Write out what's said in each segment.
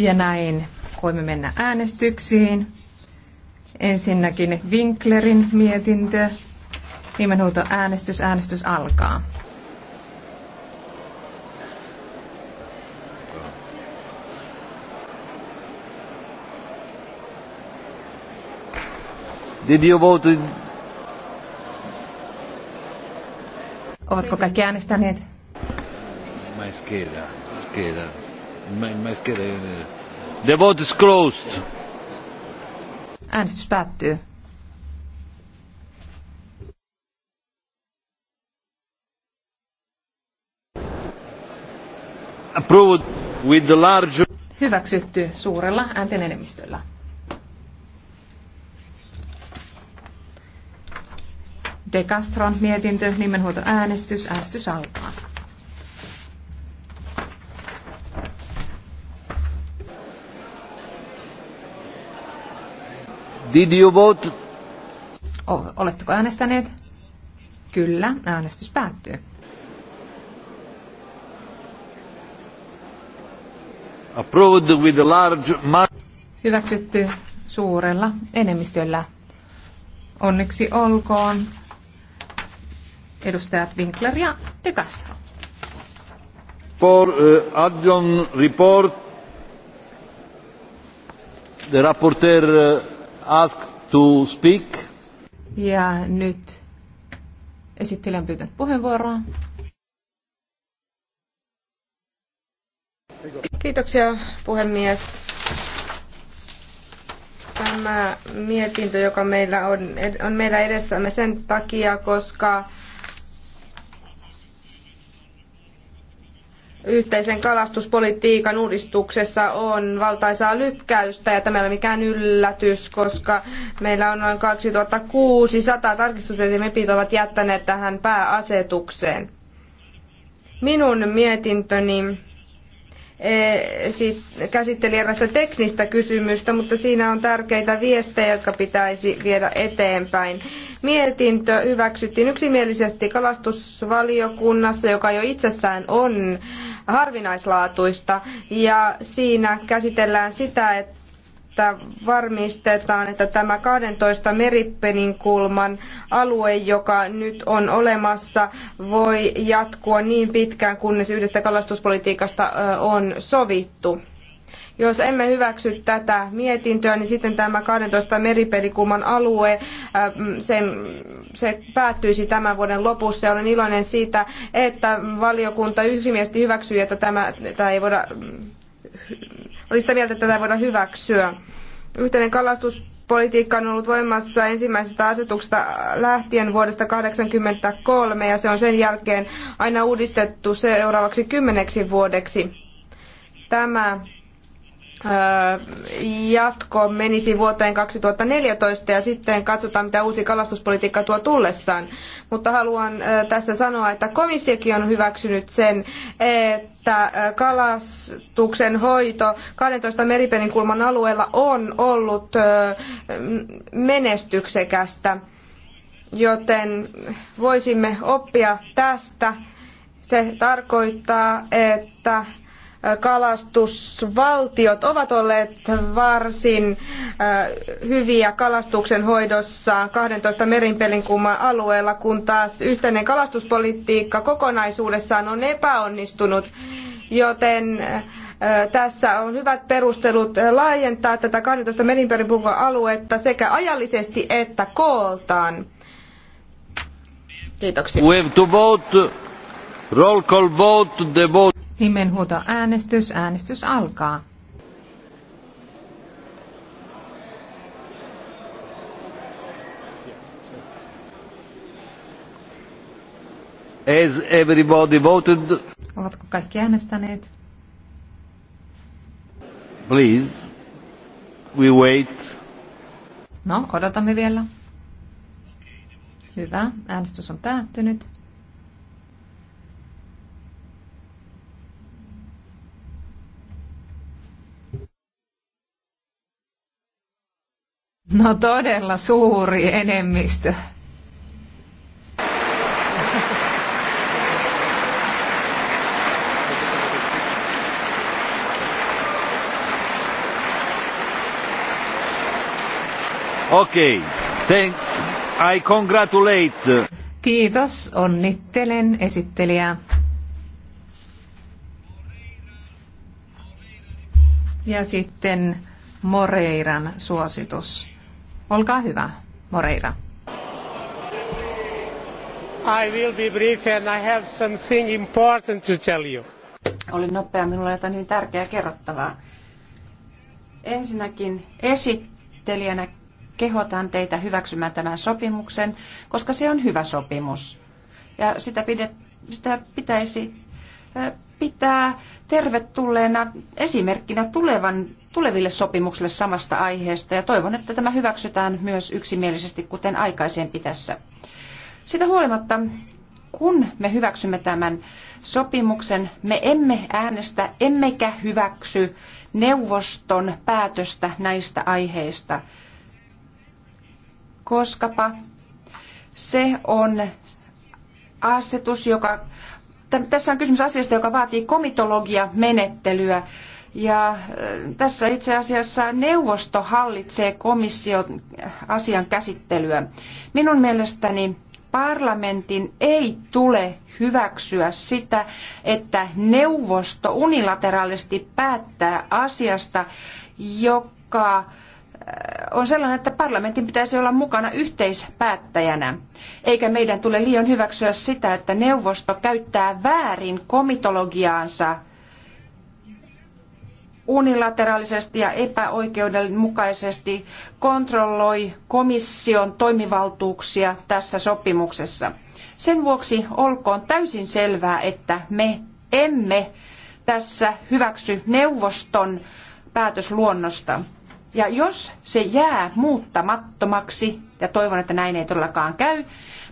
Ja näin voimme mennä äänestyksiin. Ensinnäkin Winklerin mietintö. Nimenhuuto äänestys. Äänestys alkaa. Did you vote in? Ovatko kaikki äänestäneet? Mä skeda, skeda. The vote is closed. Äänestys päättyy. Approved with the large... Hyväksytty suurella äänten enemmistöllä. De Castron mietintö, nimenhuoto äänestys, äänestys alkaa. Did you vote? Oletteko äänestäneet? Kyllä, äänestys päättyy. Approved with a large Hyväksytty suurella enemmistöllä. Onneksi olkoon edustajat Winkler ja De Castro. For uh, adjourn report, the rapporteur uh, asked to speak. Ja nyt esittelen pyytänyt puheenvuoroa. Kiitoksia puhemies. Tämä mietintö, joka meillä on, on meillä edessämme sen takia, koska yhteisen kalastuspolitiikan uudistuksessa on valtaisaa lykkäystä ja tämä ei ole mikään yllätys, koska meillä on noin 2600 tarkistusta, joita MEPit ovat jättäneet tähän pääasetukseen. Minun mietintöni E, käsitteli erästä teknistä kysymystä, mutta siinä on tärkeitä viestejä, jotka pitäisi viedä eteenpäin. Mietintö hyväksyttiin yksimielisesti kalastusvaliokunnassa, joka jo itsessään on harvinaislaatuista, ja siinä käsitellään sitä, että että varmistetaan, että tämä 12 meripeninkulman alue, joka nyt on olemassa, voi jatkua niin pitkään, kunnes yhdestä kalastuspolitiikasta on sovittu. Jos emme hyväksy tätä mietintöä, niin sitten tämä 12 meripelikuman alue, sen, se päättyisi tämän vuoden lopussa. Ja olen iloinen siitä, että valiokunta yksimielisesti hyväksyi, että tämä, tämä ei voida oli sitä mieltä, että tätä voidaan hyväksyä. Yhteinen kalastuspolitiikka on ollut voimassa ensimmäisestä asetuksesta lähtien vuodesta 1983 ja se on sen jälkeen aina uudistettu seuraavaksi kymmeneksi vuodeksi. Tämä jatko menisi vuoteen 2014 ja sitten katsotaan, mitä uusi kalastuspolitiikka tuo tullessaan. Mutta haluan tässä sanoa, että komissiokin on hyväksynyt sen, että kalastuksen hoito 12 meripeninkulman alueella on ollut menestyksekästä, joten voisimme oppia tästä. Se tarkoittaa, että kalastusvaltiot ovat olleet varsin äh, hyviä kalastuksen hoidossa 12 merinpelinkumman alueella, kun taas yhteinen kalastuspolitiikka kokonaisuudessaan on epäonnistunut, joten äh, tässä on hyvät perustelut laajentaa tätä 12 merinperinkumman aluetta sekä ajallisesti että kooltaan. Kiitoksia. We have to vote. Roll call vote. The vote. Nimenhuuto äänestys. Äänestys alkaa. Has everybody voted? Ovatko kaikki äänestäneet? Please, we wait. No, odotamme vielä. Hyvä, äänestys on päättynyt. No todella suuri enemmistö. Okei. Okay. Thank. I congratulate. Kiitos. Onnittelen esittelijää. Ja sitten Moreiran suositus. Olkaa hyvä, Moreira. I will be brief and I have something important to tell you. Olin nopea, minulla on jotain hyvin tärkeää kerrottavaa. Ensinnäkin esittelijänä kehotan teitä hyväksymään tämän sopimuksen, koska se on hyvä sopimus. Ja sitä, pide, sitä pitäisi pitää tervetulleena esimerkkinä tulevan tuleville sopimuksille samasta aiheesta ja toivon, että tämä hyväksytään myös yksimielisesti, kuten aikaisempi tässä. Sitä huolimatta, kun me hyväksymme tämän sopimuksen, me emme äänestä emmekä hyväksy neuvoston päätöstä näistä aiheista, koskapa se on asetus, joka tässä on kysymys asiasta, joka vaatii komitologia menettelyä ja äh, tässä itse asiassa neuvosto hallitsee komission äh, asian käsittelyä. Minun mielestäni parlamentin ei tule hyväksyä sitä, että neuvosto unilateraalisesti päättää asiasta, joka äh, on sellainen, että parlamentin pitäisi olla mukana yhteispäättäjänä. Eikä meidän tule liian hyväksyä sitä, että neuvosto käyttää väärin komitologiaansa unilateraalisesti ja epäoikeudenmukaisesti kontrolloi komission toimivaltuuksia tässä sopimuksessa. Sen vuoksi olkoon täysin selvää, että me emme tässä hyväksy neuvoston päätösluonnosta. Ja jos se jää muuttamattomaksi, ja toivon, että näin ei todellakaan käy,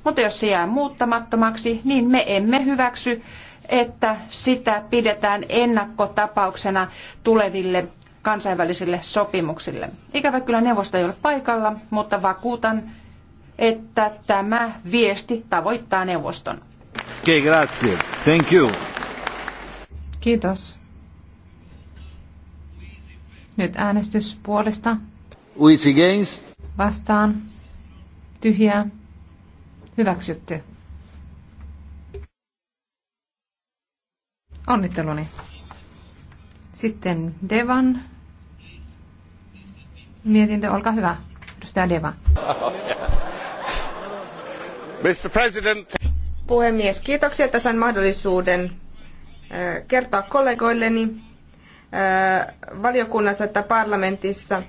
mutta jos se jää muuttamattomaksi, niin me emme hyväksy että sitä pidetään ennakkotapauksena tuleville kansainvälisille sopimuksille. Ikävä kyllä neuvosto ei ole paikalla, mutta vakuutan, että tämä viesti tavoittaa neuvoston. Okay, grazie. Thank you. Kiitos. Nyt äänestys puolesta. against? Vastaan. Tyhjää. Hyväksytty. Onnitteluni. Sitten Devan mietintö, olkaa hyvä. Edustaja Deva. Mr. President. Puhemies, kiitoksia, että sain mahdollisuuden kertoa kollegoilleni valiokunnassa että parlamentissa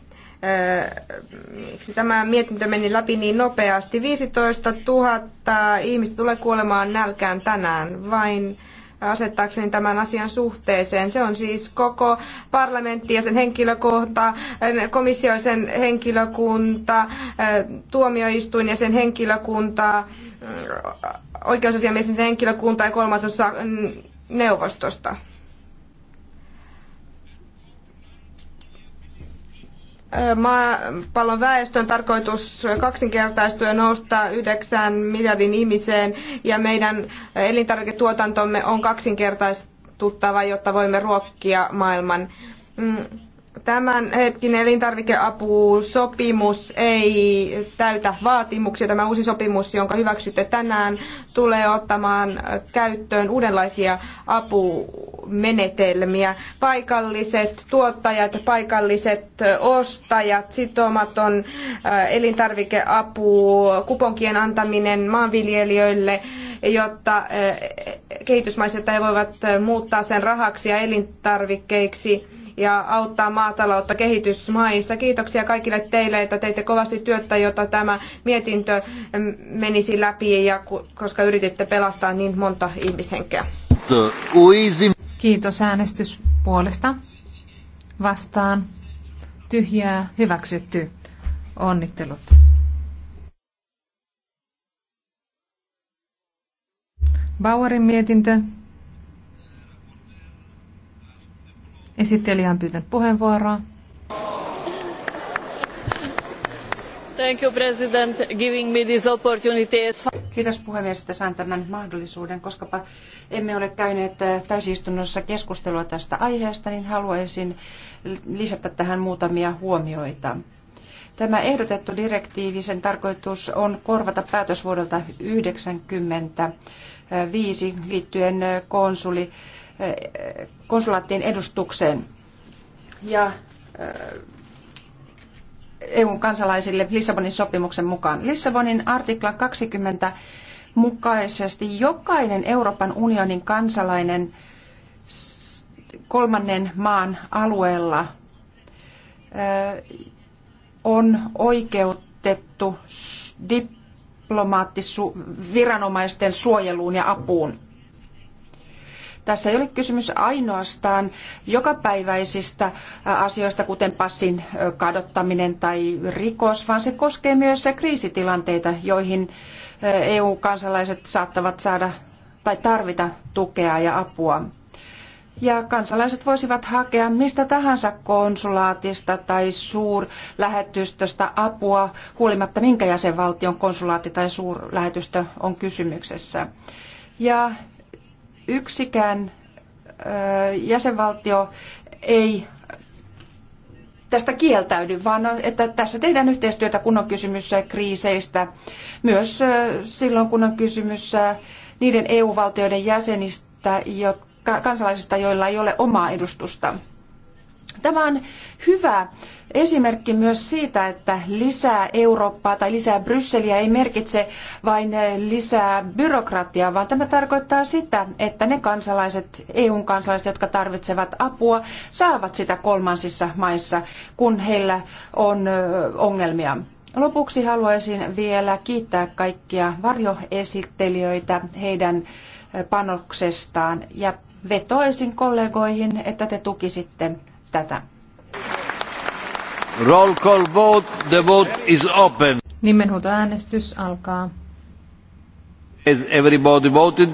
miksi tämä mietintö meni läpi niin nopeasti. 15 000 ihmistä tulee kuolemaan nälkään tänään. Vain asettaakseni tämän asian suhteeseen. Se on siis koko parlamentti ja sen henkilökohta, komissio ja sen henkilökunta, tuomioistuin ja sen henkilökunta, oikeusasiamies ja sen henkilökunta ja kolmasosa neuvostosta. maapallon väestön tarkoitus kaksinkertaistua ja nousta yhdeksän miljardin ihmiseen ja meidän elintarviketuotantomme on kaksinkertaistuttava, jotta voimme ruokkia maailman. Mm. Tämän hetkin elintarvikeapusopimus ei täytä vaatimuksia. Tämä uusi sopimus, jonka hyväksytte tänään, tulee ottamaan käyttöön uudenlaisia apumenetelmiä. Paikalliset tuottajat, paikalliset ostajat, sitomaton äh, elintarvikeapu, kuponkien antaminen maanviljelijöille, jotta äh, kehitysmaiset ei voivat muuttaa sen rahaksi ja elintarvikkeiksi ja auttaa maataloutta kehitysmaissa. Kiitoksia kaikille teille, että teitte kovasti työtä, jotta tämä mietintö menisi läpi, ja koska yrititte pelastaa niin monta ihmishenkeä. Kiitos äänestys puolesta. Vastaan. Tyhjää hyväksytty. Onnittelut. Bauerin mietintö Esittelijä on pyytänyt puheenvuoroa. Thank you, President, giving me this opportunity. Kiitos puhemies, että sain tämän mahdollisuuden. koska emme ole käyneet äh, täysistunnossa keskustelua tästä aiheesta, niin haluaisin lisätä tähän muutamia huomioita. Tämä ehdotettu direktiivi, sen tarkoitus on korvata päätösvuodelta 1995 liittyen äh, konsuli konsulaattien edustukseen ja eh, EUn kansalaisille Lissabonin sopimuksen mukaan. Lissabonin artikla 20 mukaisesti jokainen Euroopan unionin kansalainen kolmannen maan alueella eh, on oikeutettu diplomaattisu- viranomaisten suojeluun ja apuun. Tässä ei ole kysymys ainoastaan jokapäiväisistä asioista, kuten passin kadottaminen tai rikos, vaan se koskee myös kriisitilanteita, joihin EU-kansalaiset saattavat saada tai tarvita tukea ja apua. Ja kansalaiset voisivat hakea mistä tahansa konsulaatista tai suurlähetystöstä apua, huolimatta minkä jäsenvaltion konsulaatti tai suurlähetystö on kysymyksessä. Ja yksikään jäsenvaltio ei tästä kieltäydy, vaan että tässä tehdään yhteistyötä, kun on kysymys kriiseistä, myös silloin, kun on kysymys niiden EU-valtioiden jäsenistä, jotka, kansalaisista, joilla ei ole omaa edustusta. Tämä on hyvä esimerkki myös siitä, että lisää Eurooppaa tai lisää Brysseliä ei merkitse vain eh, lisää byrokratiaa, vaan tämä tarkoittaa sitä, että ne kansalaiset, EUn kansalaiset, jotka tarvitsevat apua, saavat sitä kolmansissa maissa, kun heillä on eh, ongelmia. Lopuksi haluaisin vielä kiittää kaikkia varjoesittelijöitä heidän eh, panoksestaan ja vetoisin kollegoihin, että te tukisitte tätä. Roll call vote. The vote is open. Nimenhuutoäänestys alkaa. Has everybody voted?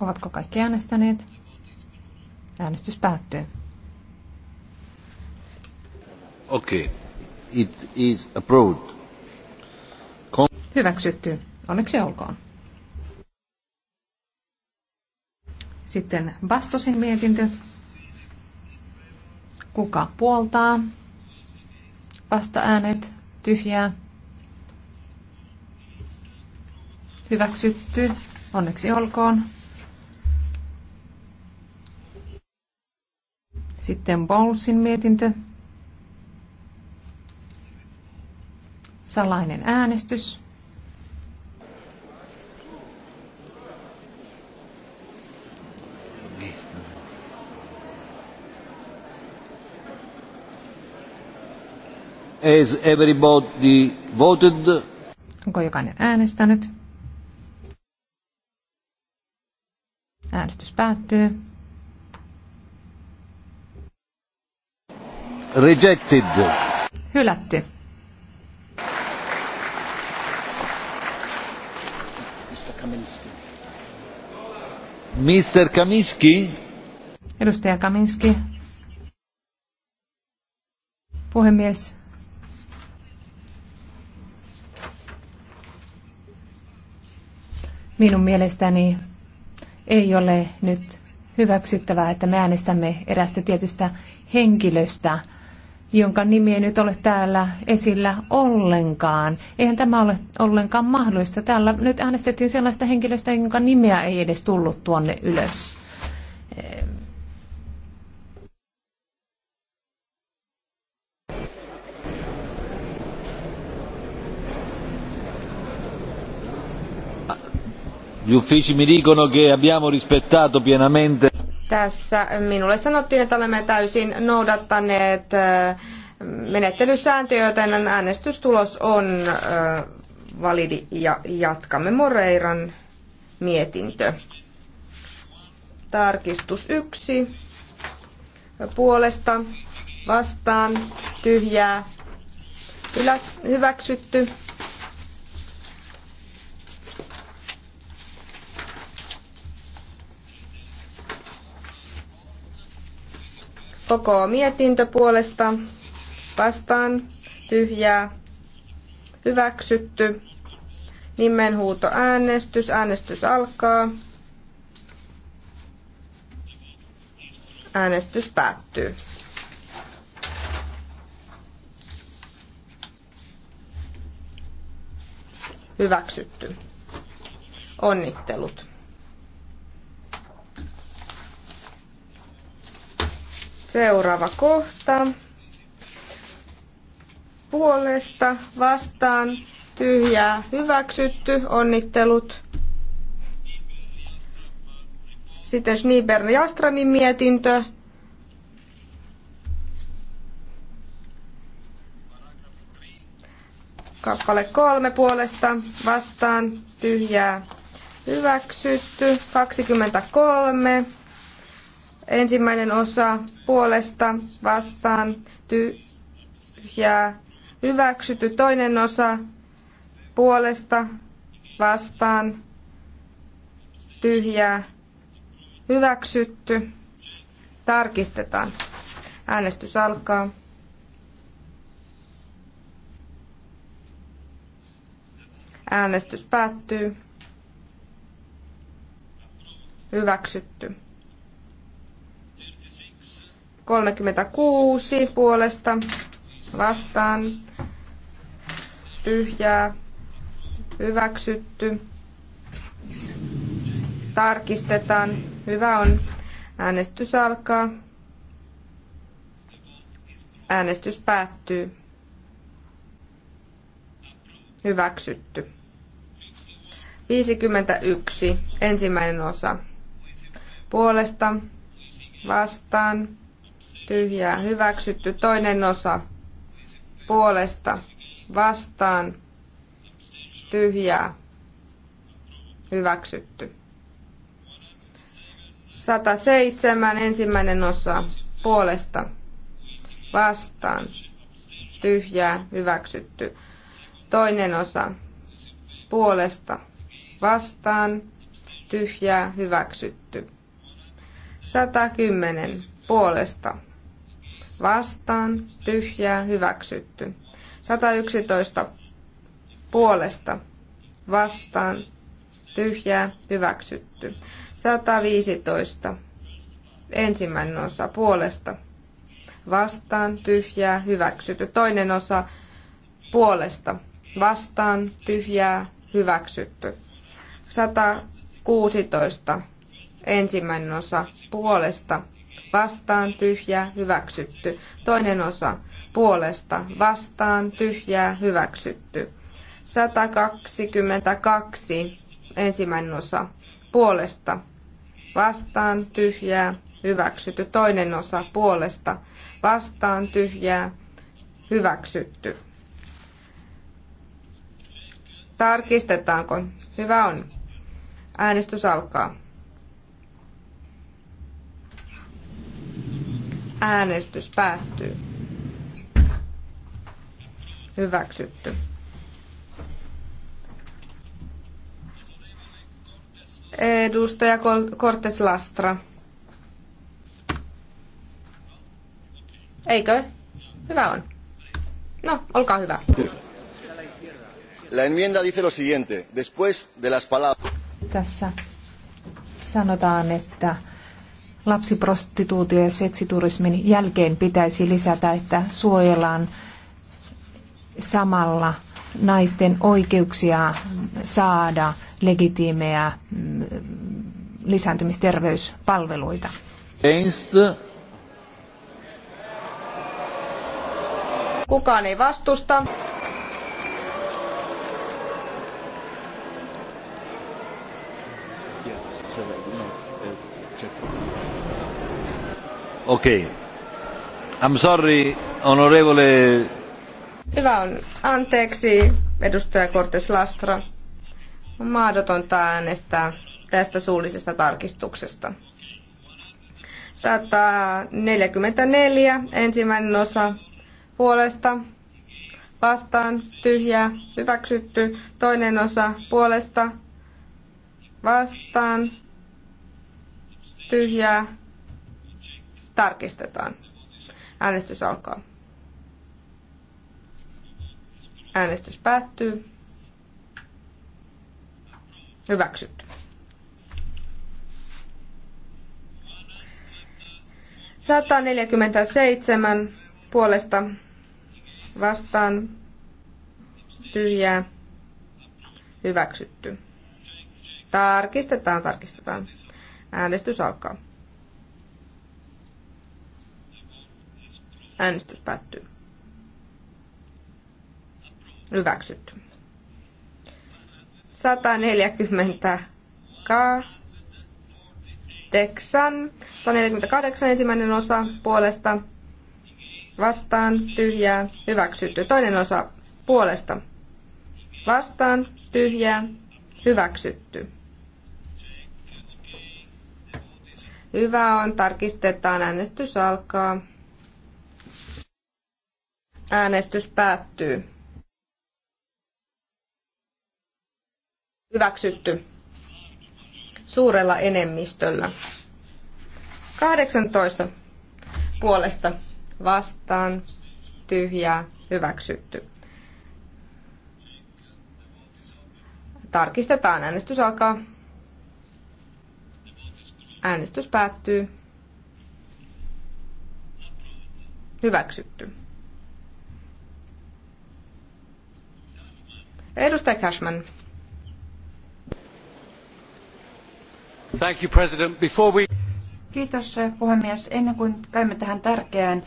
Ovatko kaikki äänestäneet? Äänestys päättyy. Okay. It is approved. Con Hyväksytty. Onneksi olkoon. Sitten Bastosin mietintö. Kuka puoltaa? Vasta-äänet, tyhjää. Hyväksytty. Onneksi olkoon. Sitten Bowlesin mietintö. Salainen äänestys. Has everybody voted? Onko jokainen äänestänyt? Äänestys päättyy. Rejected. Hylätty. Mr. Kaminski. Mr. Kaminski. Edustaja Kaminski. Puhemies, Minun mielestäni ei ole nyt hyväksyttävää, että me äänestämme erästä tietystä henkilöstä, jonka nimi ei nyt ole täällä esillä ollenkaan. Eihän tämä ole ollenkaan mahdollista. Täällä nyt äänestettiin sellaista henkilöstä, jonka nimeä ei edes tullut tuonne ylös. Gli uffici mi dicono che abbiamo rispettato pienamente. Tässä minulle sanottiin, että olemme täysin noudattaneet äh, menettelysääntöjä, joten äänestystulos on äh, validi ja jatkamme Moreiran mietintö. Tarkistus yksi Puolesta vastaan tyhjää hyväksytty. Koko mietintö puolesta vastaan tyhjää hyväksytty. Nimenhuuto äänestys. Äänestys alkaa. Äänestys päättyy. Hyväksytty. Onnittelut. Seuraava kohta. Puolesta vastaan tyhjää hyväksytty. Onnittelut. Sitten Schneeberg Jastramin mietintö. Kappale kolme puolesta vastaan tyhjää hyväksytty. 23 Ensimmäinen osa puolesta vastaan tyhjää hyväksytty. Toinen osa puolesta vastaan tyhjää hyväksytty. Tarkistetaan. Äänestys alkaa. Äänestys päättyy. Hyväksytty. 36 puolesta vastaan tyhjää hyväksytty. Tarkistetaan. Hyvä on. Äänestys alkaa. Äänestys päättyy. Hyväksytty. 51. Ensimmäinen osa. Puolesta vastaan tyhjää hyväksytty. Toinen osa puolesta vastaan tyhjää hyväksytty. 107 ensimmäinen osa puolesta vastaan tyhjää hyväksytty. Toinen osa puolesta vastaan tyhjää hyväksytty. 110 puolesta vastaan, tyhjää, hyväksytty. 111 puolesta, vastaan, tyhjää, hyväksytty. 115 ensimmäinen osa puolesta, vastaan, tyhjää, hyväksytty. Toinen osa puolesta, vastaan, tyhjää, hyväksytty. 116 ensimmäinen osa puolesta, vastaan, tyhjä hyväksytty. Toinen osa puolesta, vastaan, tyhjää, hyväksytty. 122, ensimmäinen osa, puolesta, vastaan, tyhjää, hyväksytty. Toinen osa, puolesta, vastaan, tyhjää, hyväksytty. Tarkistetaanko? Hyvä on. Äänestys alkaa. Äänestys päättyy. Hyväksytty. Edustaja Cortes Lastra. Eikö? Hyvä on. No, olkaa hyvä. La enmienda dice lo siguiente. Después de las palabras... Tässä sanotaan, että lapsiprostituutio ja seksiturismin jälkeen pitäisi lisätä, että suojellaan samalla naisten oikeuksia saada legitiimejä mm, lisääntymisterveyspalveluita. Ernst. Kukaan ei vastusta. Yeah, Okei. Okay. I'm sorry, honorevole... Hyvä on. Anteeksi, edustaja Cortes Lastra. On mahdotonta äänestää tästä suullisesta tarkistuksesta. 144, ensimmäinen osa puolesta, vastaan, tyhjä, hyväksytty, toinen osa puolesta, vastaan, tyhjää, tarkistetaan. Äänestys alkaa. Äänestys päättyy. Hyväksyt. Saattaa 47 puolesta vastaan tyhjää hyväksytty. Tarkistetaan, tarkistetaan. Äänestys alkaa. Äänestys päättyy. Hyväksytty. Teksan. 148 ensimmäinen osa puolesta vastaan tyhjää hyväksytty. Toinen osa puolesta vastaan tyhjää hyväksytty. Hyvä on, tarkistetaan äänestys alkaa. Äänestys päättyy. Hyväksytty suurella enemmistöllä. 18 puolesta vastaan tyhjää hyväksytty. Tarkistetaan. Äänestys alkaa. Äänestys päättyy. Hyväksytty. Edustaja Cashman. Thank you, President. Before we... Kiitos eh, puhemies. Ennen kuin käymme tähän tärkeään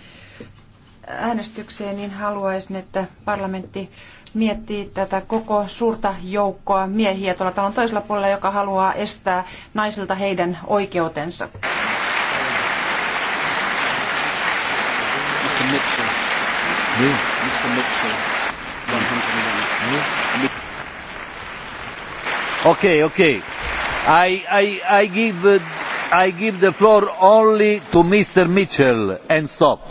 äänestykseen, niin haluaisin, että parlamentti miettii tätä koko suurta joukkoa miehiä tuolla talon toisella puolella, joka haluaa estää naisilta heidän oikeutensa. Mr. Mitchell. Niin. Mr. Mitchell. Okay, okay. I, I, I, give, uh, I give the floor only to Mr. Mitchell and stop.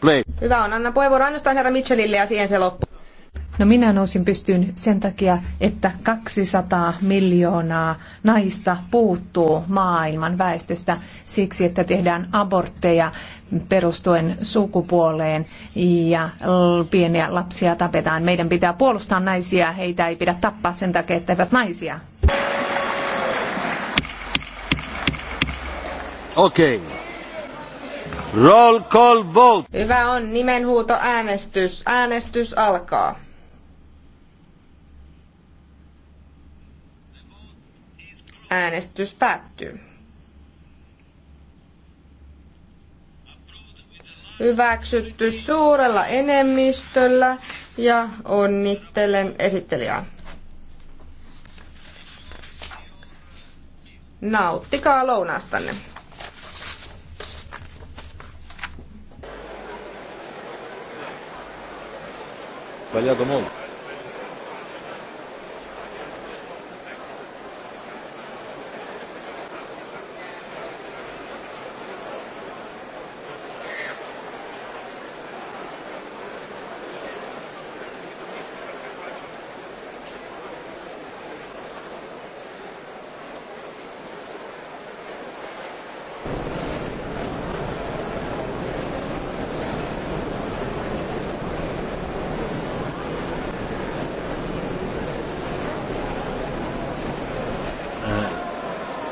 Play. Hyvä on, anna puheenvuoro ainoastaan herra Mitchellille ja siihen se loppuu. No minä nousin pystyyn sen takia, että 200 miljoonaa naista puuttuu maailman väestöstä siksi, että tehdään abortteja perustuen sukupuoleen ja pieniä lapsia tapetaan. Meidän pitää puolustaa naisia, heitä ei pidä tappaa sen takia, että eivät naisia. Okei. Okay. Roll call vote. Hyvä on, nimenhuuto äänestys. Äänestys alkaa. Äänestys päättyy. Hyväksytty suurella enemmistöllä ja onnittelen esittelijää. Nauttikaa lounastanne. Sbagliato molto.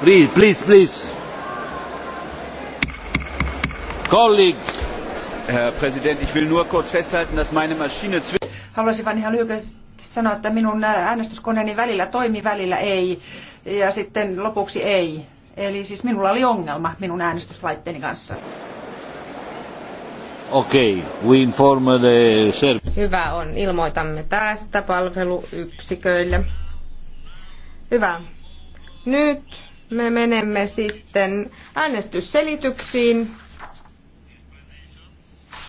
Please, please, please. Colleagues. Herr Präsident, ich will nur kurz festhalten, dass meine Maschine Haluaisin vain ihan lyhyesti sanoa, että minun äh, äänestyskoneeni välillä toimi, välillä ei ja sitten lopuksi ei. Eli siis minulla oli ongelma minun äänestyslaitteeni kanssa. Okei, okay, we inform the service. Hyvä on, ilmoitamme tästä palveluyksiköille. Hyvä. Nyt me menemme sitten äänestysselityksiin.